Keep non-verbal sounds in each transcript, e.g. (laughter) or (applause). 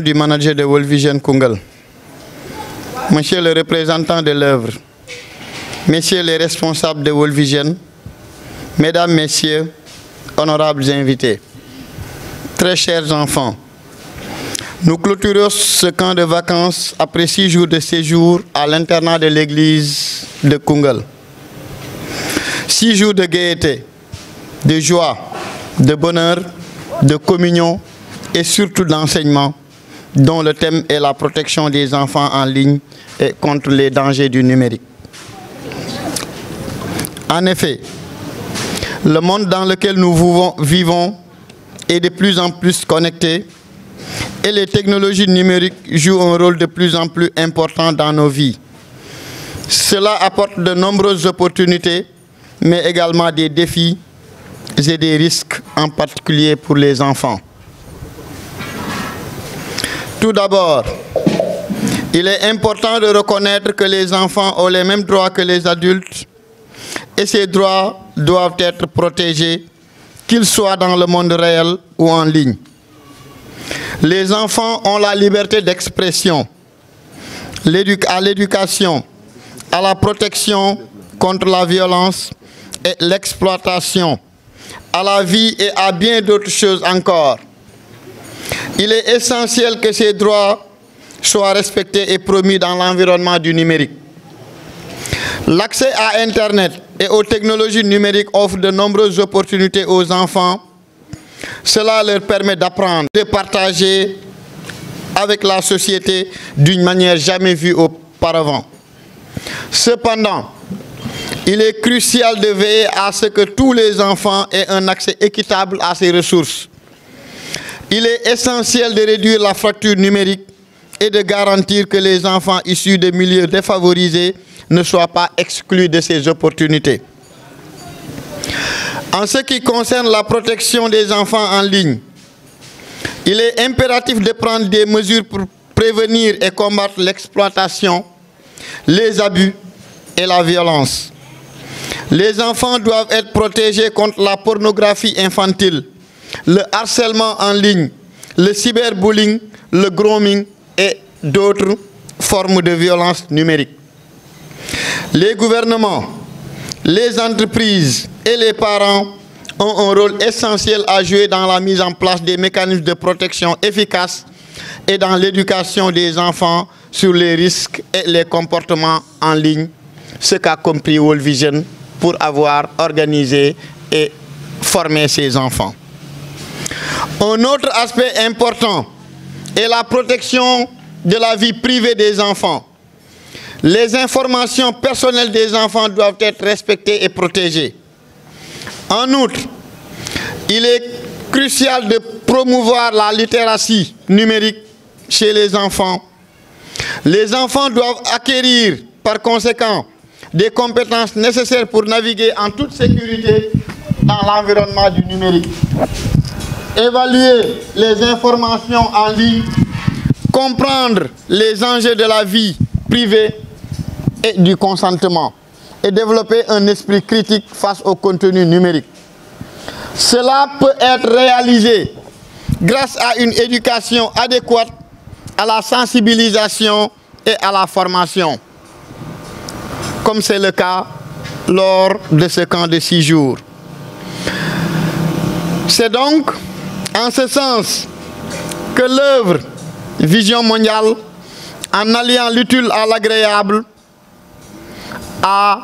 du manager de World Vision Kungal, monsieur le représentant de l'œuvre, messieurs les responsables de World Vision, mesdames, messieurs, honorables invités, très chers enfants, nous clôturons ce camp de vacances après six jours de séjour à l'internat de l'église de Kungal. Six jours de gaieté, de joie, de bonheur, de communion et surtout d'enseignement dont le thème est la protection des enfants en ligne et contre les dangers du numérique. En effet, le monde dans lequel nous vivons est de plus en plus connecté et les technologies numériques jouent un rôle de plus en plus important dans nos vies. Cela apporte de nombreuses opportunités, mais également des défis et des risques, en particulier pour les enfants. Tout d'abord, il est important de reconnaître que les enfants ont les mêmes droits que les adultes et ces droits doivent être protégés, qu'ils soient dans le monde réel ou en ligne. Les enfants ont la liberté d'expression à l'éducation, à la protection contre la violence et l'exploitation, à la vie et à bien d'autres choses encore. Il est essentiel que ces droits soient respectés et promis dans l'environnement du numérique. L'accès à Internet et aux technologies numériques offre de nombreuses opportunités aux enfants. Cela leur permet d'apprendre, de partager avec la société d'une manière jamais vue auparavant. Cependant, il est crucial de veiller à ce que tous les enfants aient un accès équitable à ces ressources. Il est essentiel de réduire la fracture numérique et de garantir que les enfants issus des milieux défavorisés ne soient pas exclus de ces opportunités. En ce qui concerne la protection des enfants en ligne, il est impératif de prendre des mesures pour prévenir et combattre l'exploitation, les abus et la violence. Les enfants doivent être protégés contre la pornographie infantile, le harcèlement en ligne, le cyberbullying, le grooming et d'autres formes de violence numérique. Les gouvernements, les entreprises et les parents ont un rôle essentiel à jouer dans la mise en place des mécanismes de protection efficaces et dans l'éducation des enfants sur les risques et les comportements en ligne, ce qu'a compris World Vision pour avoir organisé et formé ses enfants. Un autre aspect important est la protection de la vie privée des enfants. Les informations personnelles des enfants doivent être respectées et protégées. En outre, il est crucial de promouvoir la littératie numérique chez les enfants. Les enfants doivent acquérir par conséquent des compétences nécessaires pour naviguer en toute sécurité dans l'environnement du numérique évaluer les informations en ligne, comprendre les enjeux de la vie privée et du consentement et développer un esprit critique face au contenu numérique. Cela peut être réalisé grâce à une éducation adéquate à la sensibilisation et à la formation, comme c'est le cas lors de ce camp de six jours. C'est donc en ce sens que l'œuvre Vision mondiale, en alliant l'utile à l'agréable, a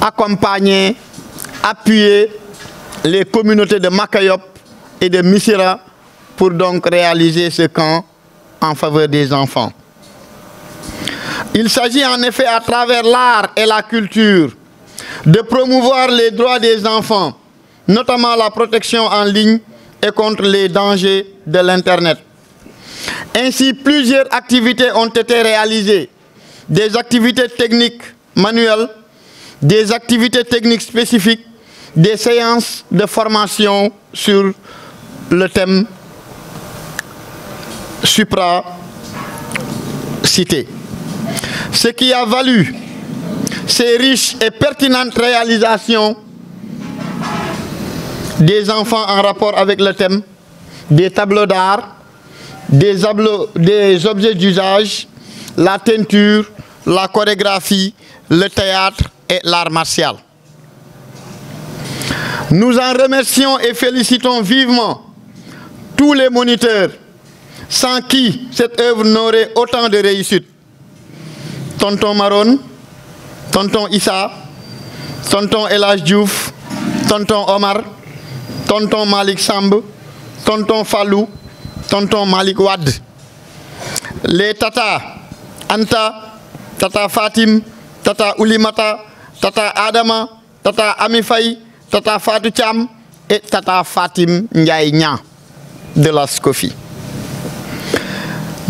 accompagné, appuyé les communautés de Makayop et de Misira pour donc réaliser ce camp en faveur des enfants. Il s'agit en effet à travers l'art et la culture de promouvoir les droits des enfants, notamment la protection en ligne contre les dangers de l'Internet. Ainsi, plusieurs activités ont été réalisées. Des activités techniques manuelles, des activités techniques spécifiques, des séances de formation sur le thème supra-cité. Ce qui a valu ces riches et pertinentes réalisations des enfants en rapport avec le thème, des tableaux d'art, des, objets d'usage, la teinture, la chorégraphie, le théâtre et l'art martial. Nous en remercions et félicitons vivement tous les moniteurs sans qui cette œuvre n'aurait autant de réussite. Tonton Maron, Tonton Issa, Tonton Elage Diouf, Tonton Omar, tonton Malik Samb tonton Falou, tonton Malik Wad. les tata Anta tata Fatim tata Ulimata, tata Adama tata Amifai, tata Fatou et tata Fatim Ndiaye de la SCOFI.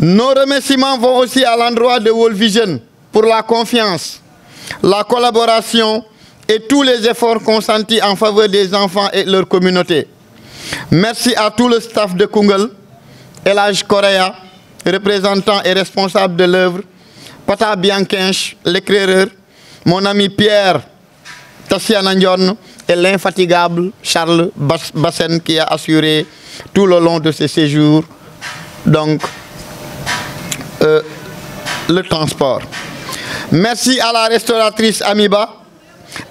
Nos remerciements vont aussi à l'endroit de World Vision pour la confiance, la collaboration et tous les efforts consentis en faveur des enfants et leur communauté. Merci à tout le staff de Kungel, Elage Correa, représentant et responsable de l'œuvre, Pata Bianquinch, l'éclaireur, mon ami Pierre Tassia et l'infatigable Charles Bassen qui a assuré tout le long de ses séjours donc euh, le transport. Merci à la restauratrice Amiba,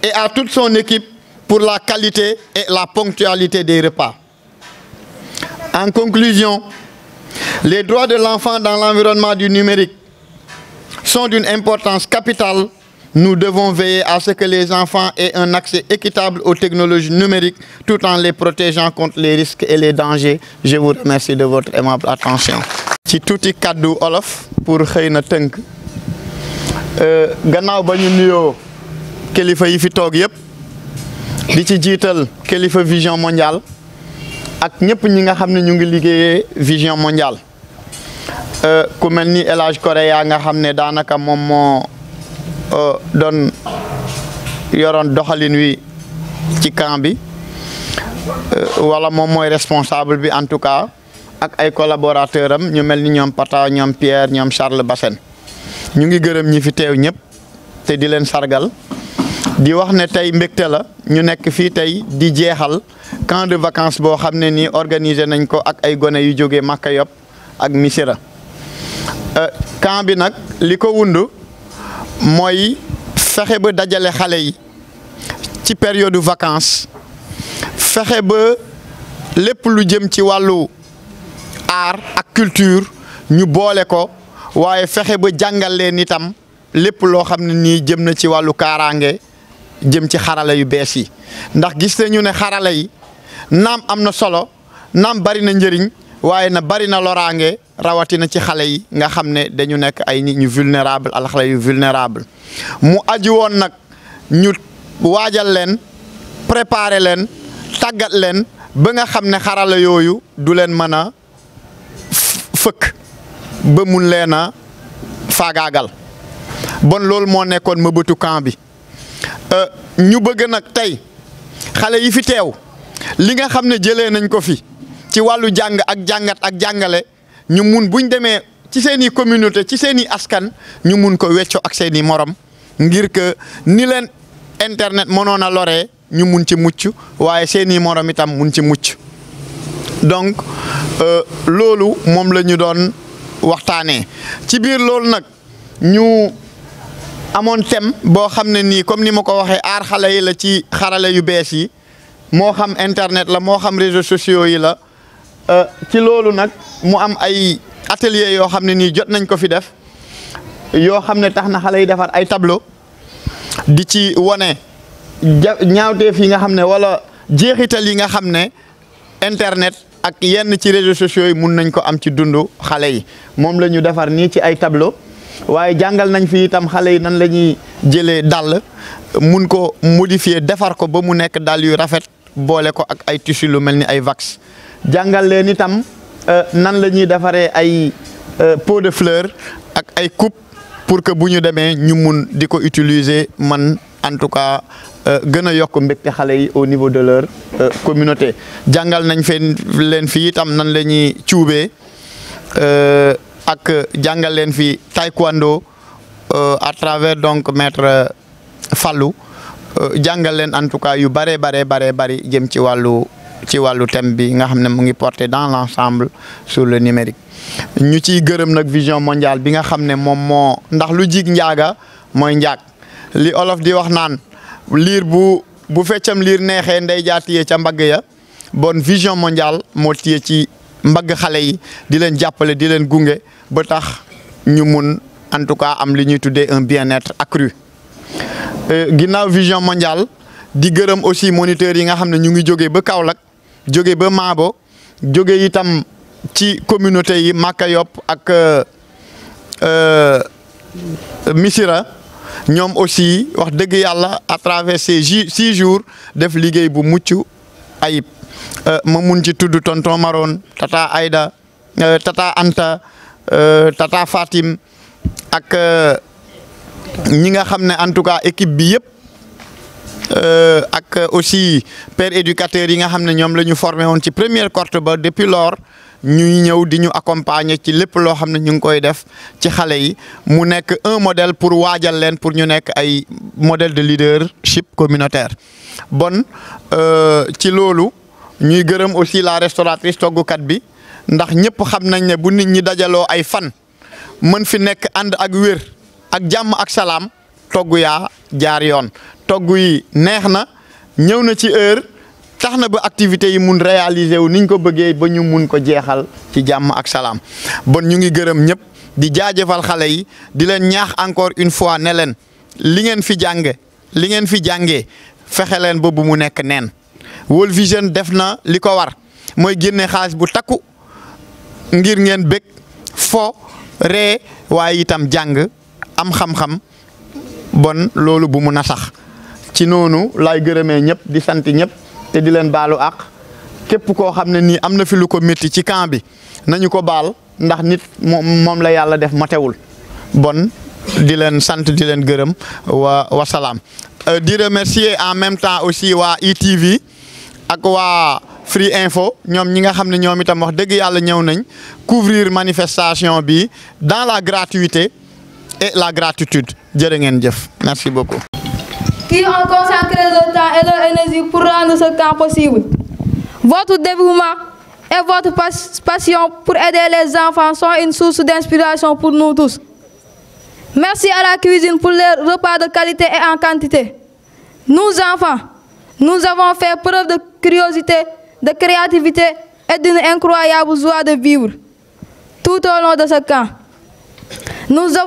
et à toute son équipe pour la qualité et la ponctualité des repas. En conclusion, les droits de l'enfant dans l'environnement du numérique sont d'une importance capitale. Nous devons veiller à ce que les enfants aient un accès équitable aux technologies numériques tout en les protégeant contre les risques et les dangers. Je vous remercie de votre aimable attention. pour kelifa yi fi tok yep di ci jital kelifa vision mondial. ak ñepp ñi nga xamne ñu ngi liggéey vision euh ku melni ni El Korea nga xamne ne mom mo euh don yoron doxalin wi ci camp bi euh, wala mom moy responsable bi en tout cas ak ay collaborateur ñu melni ni Pata ñom Pierre ñom Charles Bassène ñu ngi gëreem ñi fi tew te di len sargal di wax na tey mbégte la ñu nekk fii tey di jeexal camp de vacance boo xam ne nii organiser nañ ko ak ay gone yu jógee Maka Yop ak Missirah euh, camp bi nag li ko wund mooy fexe ba dajale xale yi ci période vacance fexe ba lépp lu jëm ci wàllu art ak culture ñu boole ko waaye fexe ba jàngal leen itam lépp loo xam ne nii jëm na ci wàllu kaaraange jëm ci xarala yu bees yi ndax gis nañu ne xarala yi am solo nam bari na njëriñ waaye na bari na rawati rawatina ci xale yi nga xam ne dañu nekk ay nit ñu vulnérable al xale yu vulnérable mu aju woon nag ñu waajal leen préparer leen tàggat leen ba nga ne xarala yoyu du len mën fëkk ba mun bon loolu moo nekkoon mëbëtu camp bi Euh, ñu bëgg nag tey xale yi fi tew li nga xam jëlé nañ ko fi ci walu jang ak jangat ak jangalé ñu mun buñ démé ci seeni communauté ci seeni askan ñu mun ko wéccio ak seeni morom ngir que ni len internet mënoon loré ñu mun ci muccu wayé seeni morom itam mun ci muccu donc euh lolu mom lañu doon waxtané ci bir loolu nak ñu amoon thème boo xam ne nii comme ni ma ko waxee aar xale yi la ci xarale yu bees yi moo xam internet la moo xam réseaux sociaux yi la euh, ci loolu nag mu am ay atelier yoo xam ne nii jot nañ ko fi def yoo xam ne tax na xale yi defar ay tableau di ci wane ja ñaawteef yi nga xam ne wala jeexital yi nga xam ne internet ak yenn ci réseaux sociaux yi mun nañ ko am ci dundu xale yi moom la ñu defar nii ci ay tableau waaye jàngal nañ fi itam xale yi nan la ñuy jëlee dàll mun ko modifier defar ko ba mu nekk dàll yu rafet boole ko ak ay tissu lu mel ni ay wax jàngal leen itam euh, nan la ñuy defaree ay euh, pot de fleur ak ay coupe pour que bu ñu demee ñu mun di ko utiliser man en tout cas euh, gën a yokk mbégte xale yi au niveau de leur communauté jàngal nañ feen leen fii itam nan la ñuy cuubee. ak jàngal leen fi taekwondo euh, à travers donc maître euh, Fallou euh, jàngal leen en tout cas yu bëree baree baree bëri jëm ci wàllu ci wàllu thème bi nga xam ne mu ngi porté dans l' ensemble sur le numérique ñu ciy gërëm nag vision mondiale bi nga xam ne moom moo ndax lu jig njaaga mooy njaag li olof di wax naan liir bu bu feccam liir neexee ndey jaa téye ca mbagg ya bon vision mondiale moo téye ci mbag xalé yi di leen jappalé di leen gunge ba tax ñu mën en tout cas am li ñuy tuddé un bien-être accru euh, vision mondiale di gëreum aussi monitoring yi nga xamné ñu ngi joggé ba Kaolack joggé ba Mabo joggé itam ci communauté yi Maka Yop ak euh, euh, Missira ñom aussi wax dëgg yalla à travers ces 6 jours def liggéey bu muccu ayib. Eh, ma mun ci tonton Maron tata Aida eh, tata Anta eh, tata Fatim ak ñi nga xam en tout cas équipe bi euh ak aussi père éducateur yi nga xam ñom lañu formé won ci première cohorte ba depuis lors ñuy ñëw di accompagner ci lépp lo ñu ngi def ci xalé yi mu nekk un modèle pour wajal leen pour ñu nekk ay modèle de leadership communautaire bon ci lolu ñuy gërëm aussi la restauratrice toggukat bi ndax ñëpp xam nañ ne bu nit ñi dajaloo ay fan mën fi nekk ànd ak wér ak jàmm ak salaam togg yaa jaar yoon togg yi neex na ñëw na ci heure tax na ba activités yi mun réaliser wu niñ ko bëggee ba ñu mun ko jeexal ci jàmm ak salaam bon ñu ngi gërëm ñëpp di jaajëfal xale yi di leen ñaax encore une fois ne leen li ngeen fi jàng li ngeen fi jàngee fexe leen ba bu mu nekk neen World Vision def na li ko war mooy génne xaalis bu takku ngir ngeen bëgg fo ree waaye itam jàng am xam-xam bon loolu bu mun a sax ci noonu lay gërëmee ñëpp di sant ñëpp te di leen baalu àq képp koo xam ne nii am na fi lu ko métti ci camp bi nañu ko baal ndax nit moom la yàlla def matewul bon di leen sant di leen gërëm wa wasalaam euh, di remercier en aussi waa ITV e à Free Info itam wax couvrir manifestation bi dans la gratuité et la gratitude merci beaucoup. qui ont consacré leur temps et leur pour rendre ce camp possible. Votre dévouement et votre passion pour aider les enfants sont une source d'inspiration pour nous tous. Merci à la cuisine pour les repas de qualité et en quantité. Nous enfants, nous avons fait preuve de curiosité, de créativité et d'une incroyable joie de vivre tout au long de ce camp. Nous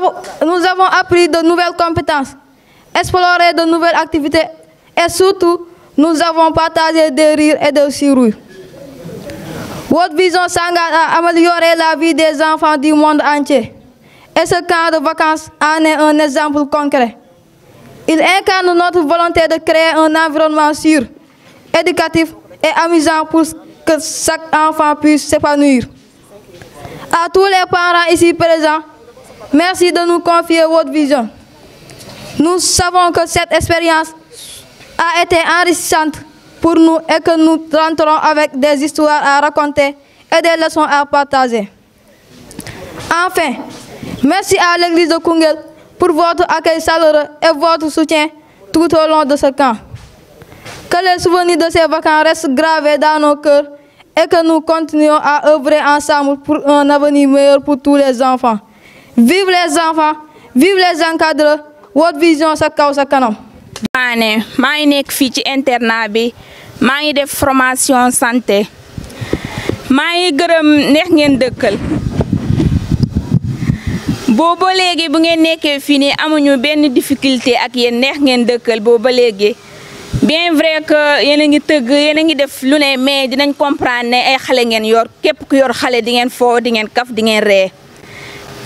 avons, appris de nouvelles compétences, exploré de nouvelles activités et surtout, nous avons partagé des rires et des sourires. Votre vision s'engage à améliorer la vie des enfants du monde entier. Et ce camp de vacances en est un exemple concret. Il incarne notre volonté de créer un environnement sûr, éducatif et amusant pour que chaque enfant puisse s'épanouir. À tous les parents ici présents, merci de nous confier votre vision. Nous savons que cette expérience a été enrichissante pour nous et que nous rentrons avec des histoires à raconter et des leçons à partager. Enfin, merci à l'église de Kungel pour votre accueil chaleureux et votre soutien tout au long de ce camp. Que les souvenirs de ces vacances restent gravés dans nos cœurs et que nous continuons à œuvrer ensemble pour un avenir meilleur pour tous les enfants. Vive les enfants, vive les encadres, votre vision se kaw sa kanam. suis internat formation santé je suis booba léegi bu ngeen nekkee fii nii amuñu benn difficulté ak yéen neex ngeen dëkkal booba léegi bien vrai que yéen a ngi tëgg yéen a ngi def lu ne mais dinañ comprendre ne ay xale ngeen yor képp ku yor xale di ngeen foo di ngeen kaf di ngeen ree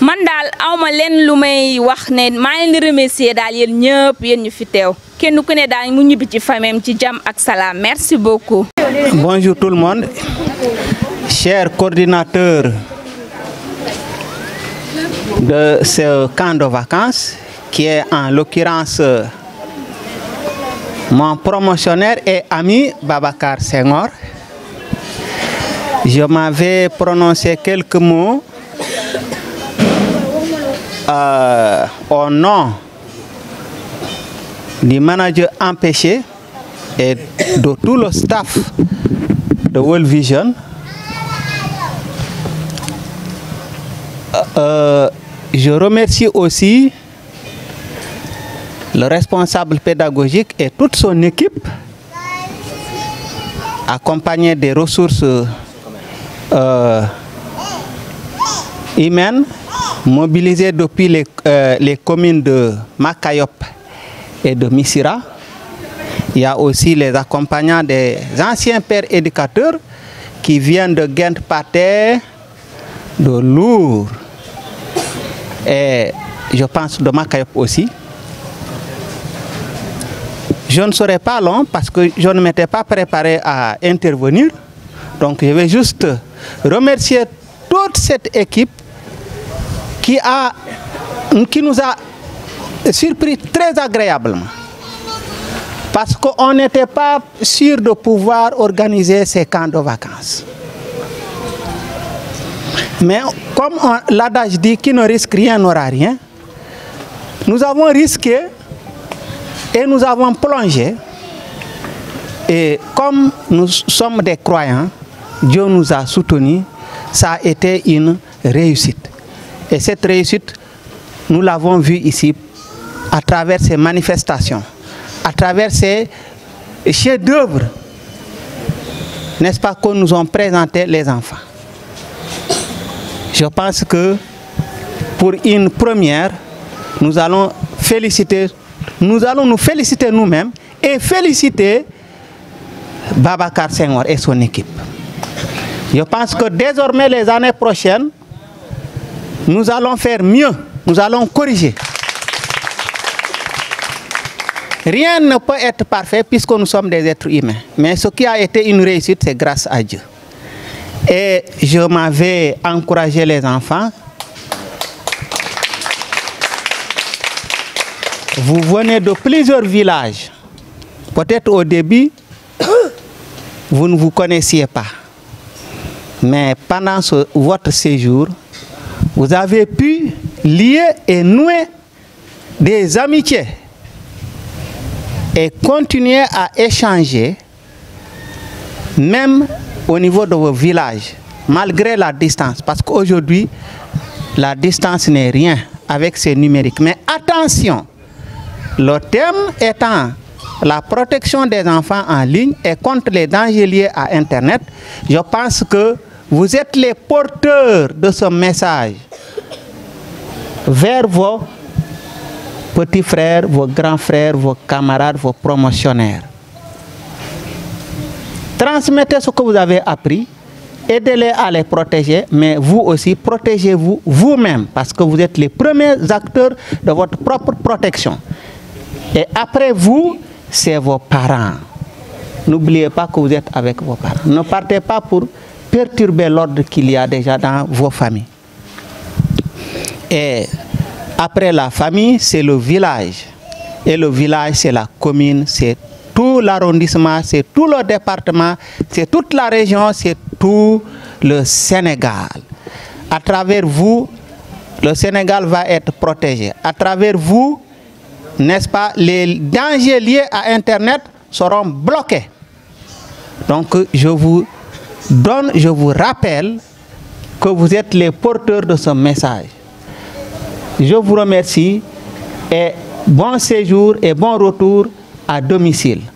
man daal awma leen lu may wax ne maa leen di daal yéen ñëpp yéen ñu fi teew kenn ku ne daal mu ñibbi ci fameem ci jam ak salaam merci beaucoup. bonjour tout le monde cher coordinateur de ce camp de vacances qui est en l'occurrence euh, mon promotionnaire et ami Babacar Senghor. Je m'avais prononcé quelques mots euh, au nom du manager empêché et de tout le staff de World Vision. Euh, je remercie aussi le responsable pédagogique et toute son équipe, accompagnée des ressources euh, humaines mobilisées depuis euh, les, communes de Makayop et de Misira. Il y a aussi les accompagnants des anciens pères éducateurs qui viennent de Ghent-Pater, de Lourdes, et je pense de Makayop aussi. Je ne serai pas long parce que je ne m'étais pas préparé à intervenir. Donc je vais juste remercier toute cette équipe qui, qui nous a surpris très agréablement. Parce qu'on n'était pas sûr de pouvoir organiser ces camps de vacances. Mais comme l'adage dit qui ne risque rien n'aura rien, nous avons risqué et nous avons plongé. Et comme nous sommes des croyants, Dieu nous a soutenus, ça a été une réussite. Et cette réussite, nous l'avons vue ici à travers ces manifestations, à travers ces chefs-d'œuvre, n'est-ce pas, que nous ont présenté les enfants. Je pense que pour une première, nous allons nous nous féliciter nous-mêmes et féliciter Babacar Senghor et son équipe. Je pense que désormais, les années prochaines, nous allons faire mieux, nous allons corriger. Rien ne peut être parfait puisque nous sommes des êtres humains. Mais ce qui a été une réussite, c'est grâce à Dieu et je m'avais encouragé les enfants. Vous venez de plusieurs villages. Peut-être au début, (coughs) vous ne vous connaissiez pas. Mais pendant votre séjour, vous avez pu lier et nouer des amitiés et continuer à échanger, même au niveau de vos villages, malgré la distance, parce qu'aujourd'hui, la distance n'est rien avec ces numériques. Mais attention, le thème étant la protection des enfants en ligne et contre les dangers liés à Internet, je pense que vous êtes les porteurs de ce message vers vos petits frères, vos grands frères, vos camarades, vos promotionnaires transmettez ce que vous avez appris, aidez-les à les protéger, mais vous aussi, protégez-vous vous-même, parce que vous êtes les premiers acteurs de votre propre protection. Et après vous, c'est vos parents. N'oubliez pas que vous êtes avec vos parents. Ne partez pas pour perturber l'ordre qu'il y a déjà dans vos familles. Et après la famille, c'est le village. Et le village, c'est la commune, c'est tout l'arrondissement, c'est tout le département, c'est toute la région, c'est tout le Sénégal. À travers vous, le Sénégal va être protégé. À travers vous, n'est-ce pas, les dangers liés à Internet seront bloqués. Donc, je vous donne, je vous rappelle que vous êtes les porteurs de ce message. Je vous remercie et bon séjour et bon retour à domicile